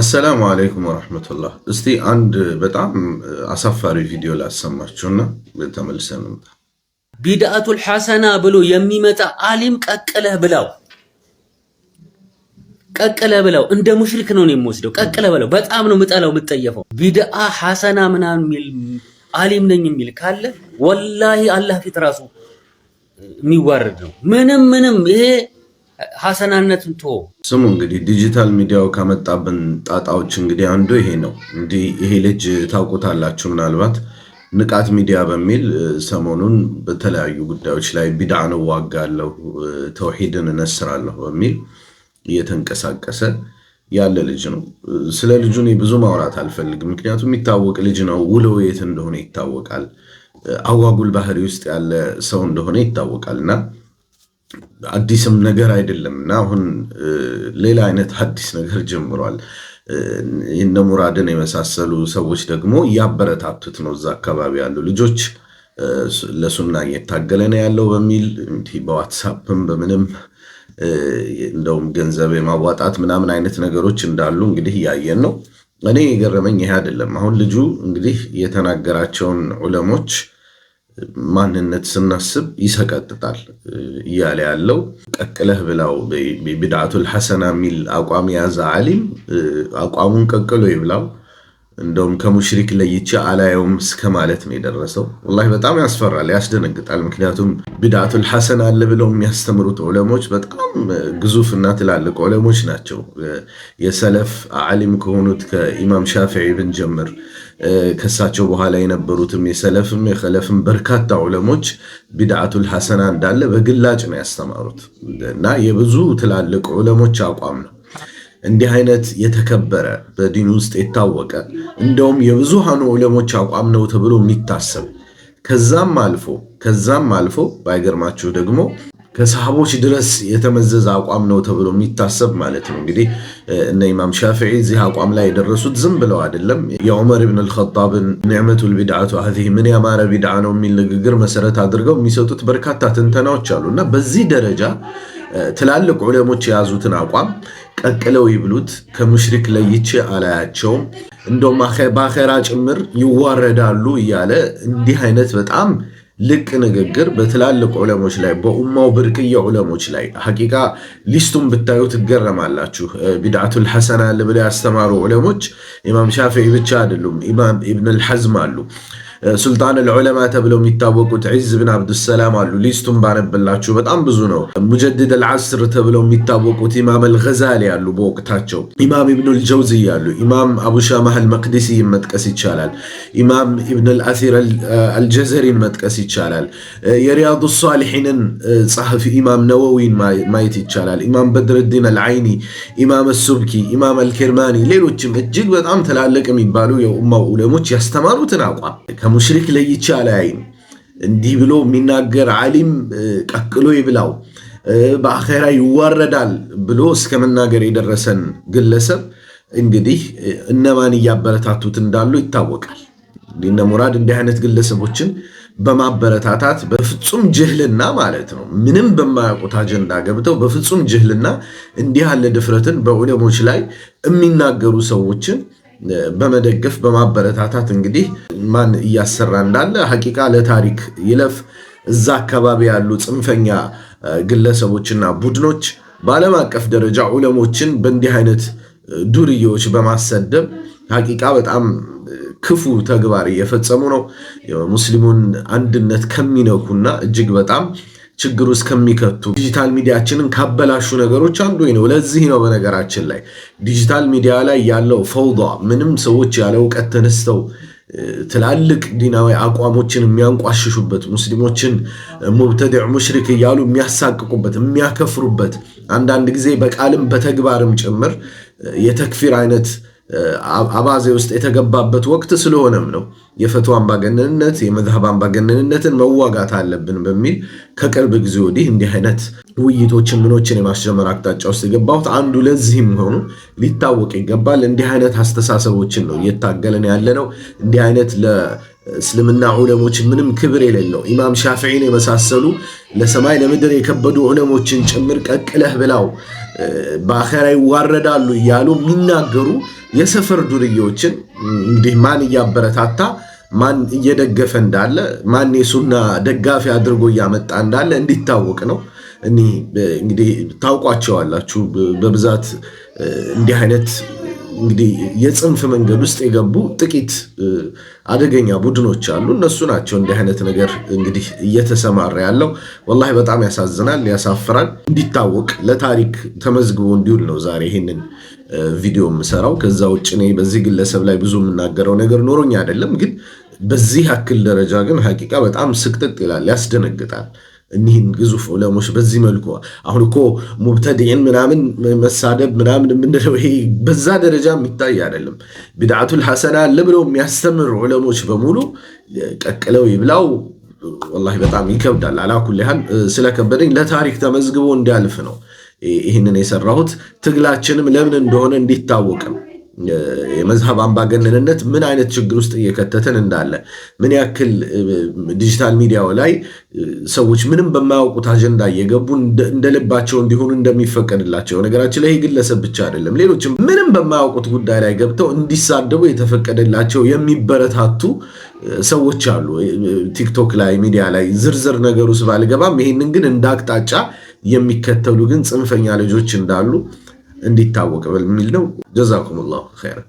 አሰላሙ አለይኩም ወረሕመቱላህ። እስቲ አንድ በጣም አሳፋሪ ቪዲዮ ላሰማችሁና ተመልሰን ምጣ። ቢድአቱል ሐሰና ብሎ የሚመጣ አሊም ቀቅለህ ብላው፣ ቀቅለ ብለው እንደ ሙሽሪክ ነው የሚወስደው። ቀቅለ ብለው በጣም ነው ምጠለው የምጠየፈው። ቢድአ ሐሰና ምናምን የሚል አሊም ነኝ የሚል ካለ ወላሂ አላህ ፊት ራሱ የሚዋረድ ነው። ምንም ምንም ይሄ ሀሰናነትን ቶ ስሙ እንግዲህ ዲጂታል ሚዲያው ካመጣብን ጣጣዎች እንግዲህ አንዱ ይሄ ነው። እንዲህ ይሄ ልጅ ታውቁታላችሁ ምናልባት ንቃት ሚዲያ በሚል ሰሞኑን በተለያዩ ጉዳዮች ላይ ቢድዓን እዋጋለሁ፣ ተውሂድን እነስራለሁ በሚል እየተንቀሳቀሰ ያለ ልጅ ነው። ስለ ልጁ እኔ ብዙ ማውራት አልፈልግም። ምክንያቱም የሚታወቅ ልጅ ነው። ውሎ የት እንደሆነ ይታወቃል። አጓጉል ባህሪ ውስጥ ያለ ሰው እንደሆነ ይታወቃል እና አዲስም ነገር አይደለም እና አሁን ሌላ አይነት አዲስ ነገር ጀምሯል። እነ ሙራድን የመሳሰሉ ሰዎች ደግሞ እያበረታቱት ነው። እዛ አካባቢ ያሉ ልጆች ለሱና እየታገለ ነው ያለው በሚል በዋትሳፕም በምንም እንደውም ገንዘብ የማዋጣት ምናምን አይነት ነገሮች እንዳሉ እንግዲህ እያየን ነው። እኔ የገረመኝ ይሄ አይደለም። አሁን ልጁ እንግዲህ የተናገራቸውን ዑለሞች ማንነት ስናስብ ይሰቀጥጣል እያለ ያለው ቀቅለህ ብላው ቢድዓቱል ሐሰና የሚል አቋም የያዘ አሊም አቋሙን ቀቅሎ ይብላው። እንደውም ከሙሽሪክ ለይቼ አላየውም እስከ ማለት ነው የደረሰው። ወላሂ በጣም ያስፈራል፣ ያስደነግጣል። ምክንያቱም ቢድዓቱል ሐሰን አለ ብለው የሚያስተምሩት ዑለሞች በጣም ግዙፍና ትላልቅ ዑለሞች ናቸው። የሰለፍ ዓሊም ከሆኑት ከኢማም ሻፊዒ ብንጀምር ከሳቸው በኋላ የነበሩትም የሰለፍም የኸለፍም በርካታ ዑለሞች ቢድዓቱል ሐሰና እንዳለ በግላጭ ነው ያስተማሩት እና የብዙ ትላልቅ ዑለሞች አቋም ነው። እንዲህ አይነት የተከበረ በዲን ውስጥ የታወቀ እንደውም የብዙሃኑ ዑለሞች አቋም ነው ተብሎ የሚታሰብ ከዛም አልፎ ከዛም አልፎ ባይገርማችሁ ደግሞ ከሰሃቦች ድረስ የተመዘዘ አቋም ነው ተብሎ የሚታሰብ ማለት ነው። እንግዲህ እነ ኢማም ሻፊዒ እዚህ አቋም ላይ የደረሱት ዝም ብለው አይደለም። የዑመር ብን አልኸጣብን ኒዕመቱል ቢድዓቱ ሀዚህ ምን ያማረ ቢድዓ ነው የሚል ንግግር መሰረት አድርገው የሚሰጡት በርካታ ትንተናዎች አሉ እና በዚህ ደረጃ ትላልቅ ዑለሞች የያዙትን አቋም ቀቅለው ይብሉት። ከሙሽሪክ ለይቼ አላያቸውም፣ እንደውም በአኼራ ጭምር ይዋረዳሉ እያለ እንዲህ አይነት በጣም ልቅ ንግግር በትላልቅ ዑለሞች ላይ በኡማው ብርቅዬ ዑለሞች ላይ ሐቂቃ ሊስቱን ብታዩ ትገረማላችሁ። ቢድዓቱል ሐሰና ብለው ያስተማሩ ዑለሞች ኢማም ሻፊዒ ብቻ አይደሉም፣ ኢማም ኢብን ልሐዝም አሉ። ሱልጣን ልዑለማ ተብለው የሚታወቁት ዒዝ ብን አብዱሰላም አሉ። ሊስቱን ባነብላችሁ በጣም ብዙ ነው። ሙጀድድ አልዓስር ተብለው የሚታወቁት ኢማም አልገዛሊ አሉ። በወቅታቸው ኢማም ኢብኑ ልጀውዝይ አሉ። ኢማም አቡሻማህ አልመቅዲሲ መጥቀስ ይቻላል። ኢማም ኢብን ልአሲር አልጀዘሪን መጥቀስ ይቻላል። የሪያዱ ሳሊሒንን ጸሐፊ ኢማም ነወዊን ማየት ይቻላል። ኢማም በድርዲን አልዓይኒ፣ ኢማም አሱብኪ፣ ኢማም አልኬርማኒ ሌሎችም እጅግ በጣም ትላልቅ የሚባሉ የኡማው ዑለሞች ያስተማሩትን አቋም ከሙሽሪክ ለይቼ አላያይም። እንዲህ ብሎ የሚናገር ዓሊም ቀቅሎ ይብላው በአኼራ ይዋረዳል ብሎ እስከ መናገር የደረሰን ግለሰብ እንግዲህ እነማን እያበረታቱት እንዳሉ ይታወቃል። እነ ሙራድ እንዲህ አይነት ግለሰቦችን በማበረታታት በፍጹም ጅህልና ማለት ነው፣ ምንም በማያውቁት አጀንዳ ገብተው በፍጹም ጅህልና እንዲህ ያለ ድፍረትን በዑለሞች ላይ የሚናገሩ ሰዎችን በመደገፍ በማበረታታት እንግዲህ ማን እያሰራ እንዳለ ሀቂቃ ለታሪክ ይለፍ። እዛ አካባቢ ያሉ ጽንፈኛ ግለሰቦችና ቡድኖች በዓለም አቀፍ ደረጃ ዑለሞችን በእንዲህ አይነት ዱርዬዎች በማሰደብ ሀቂቃ በጣም ክፉ ተግባር እየፈጸሙ ነው። ሙስሊሙን አንድነት ከሚነኩና እጅግ በጣም ችግር ውስጥ ከሚከቱ ዲጂታል ሚዲያችንን ካበላሹ ነገሮች አንዱ ነው። ለዚህ ነው በነገራችን ላይ ዲጂታል ሚዲያ ላይ ያለው ፈውዷ ምንም ሰዎች ያለ እውቀት ተነስተው ትላልቅ ዲናዊ አቋሞችን የሚያንቋሽሹበት ሙስሊሞችን ሙብተድዕ ሙሽሪክ እያሉ የሚያሳቅቁበት የሚያከፍሩበት አንዳንድ ጊዜ በቃልም በተግባርም ጭምር የተክፊር አይነት አባዜ ውስጥ የተገባበት ወቅት ስለሆነም ነው የፈትዋ አምባገነንነት የመዝሃብ አምባገነንነትን መዋጋት አለብን በሚል ከቅርብ ጊዜ ወዲህ እንዲህ አይነት ውይይቶችን ምኖችን የማስጀመር አቅጣጫ ውስጥ የገባሁት አንዱ ለዚህም ሆኑ ሊታወቅ ይገባል። እንዲህ አይነት አስተሳሰቦችን ነው እየታገለን ያለ ነው። እንዲህ አይነት እስልምና ዑለሞች ምንም ክብር የሌለው ኢማም ሻፍዒን የመሳሰሉ ለሰማይ ለምድር የከበዱ ዑለሞችን ጭምር ቀቅለህ ብላው በአኸራ ይዋረዳሉ እያሉ የሚናገሩ የሰፈር ዱርዬዎችን እንግዲህ ማን እያበረታታ ማን እየደገፈ እንዳለ ማን የሱና ደጋፊ አድርጎ እያመጣ እንዳለ እንዲታወቅ ነው። እንግዲህ ታውቋቸዋላችሁ በብዛት እንዲህ አይነት እንግዲህ የጽንፍ መንገድ ውስጥ የገቡ ጥቂት አደገኛ ቡድኖች አሉ። እነሱ ናቸው እንዲህ አይነት ነገር እንግዲህ እየተሰማራ ያለው። ወላሂ በጣም ያሳዝናል፣ ያሳፍራል። እንዲታወቅ ለታሪክ ተመዝግቦ እንዲውል ነው ዛሬ ይህንን ቪዲዮ የምሰራው። ከዛ ውጭ እኔ በዚህ ግለሰብ ላይ ብዙ የምናገረው ነገር ኖሮኝ አይደለም። ግን በዚህ ያክል ደረጃ ግን ሀቂቃ በጣም ስቅጥጥ ይላል፣ ያስደነግጣል። እኒህን ግዙፍ ዑለሞች በዚህ መልኩ አሁን እኮ ሙብተዲዕን ምናምን መሳደብ ምናምን የምንለው ይሄ በዛ ደረጃ የሚታይ አይደለም። ቢድዓቱል ሐሰና አለ ብለው የሚያስተምር ዑለሞች በሙሉ ቀቅለው ይብላው። ወላሂ በጣም ይከብዳል። አላኩል ያህል ስለከበደኝ ለታሪክ ተመዝግቦ እንዲያልፍ ነው ይህንን የሰራሁት። ትግላችንም ለምን እንደሆነ እንዲታወቅም የመዝሀብ አምባገነንነት ምን አይነት ችግር ውስጥ እየከተተን እንዳለ ምን ያክል ዲጂታል ሚዲያው ላይ ሰዎች ምንም በማያውቁት አጀንዳ እየገቡ እንደልባቸው እንዲሆኑ እንደሚፈቀድላቸው። ነገራችን ላይ ግለሰብ ብቻ አይደለም፣ ሌሎችም ምንም በማያውቁት ጉዳይ ላይ ገብተው እንዲሳደቡ የተፈቀደላቸው የሚበረታቱ ሰዎች አሉ። ቲክቶክ ላይ ሚዲያ ላይ ዝርዝር ነገሩ ውስጥ ባልገባም፣ ይህንን ግን እንደ አቅጣጫ የሚከተሉ ግን ጽንፈኛ ልጆች እንዳሉ እንዲታወቅ በሚል ነው። ጀዛኩም ላሁ ኸይረን።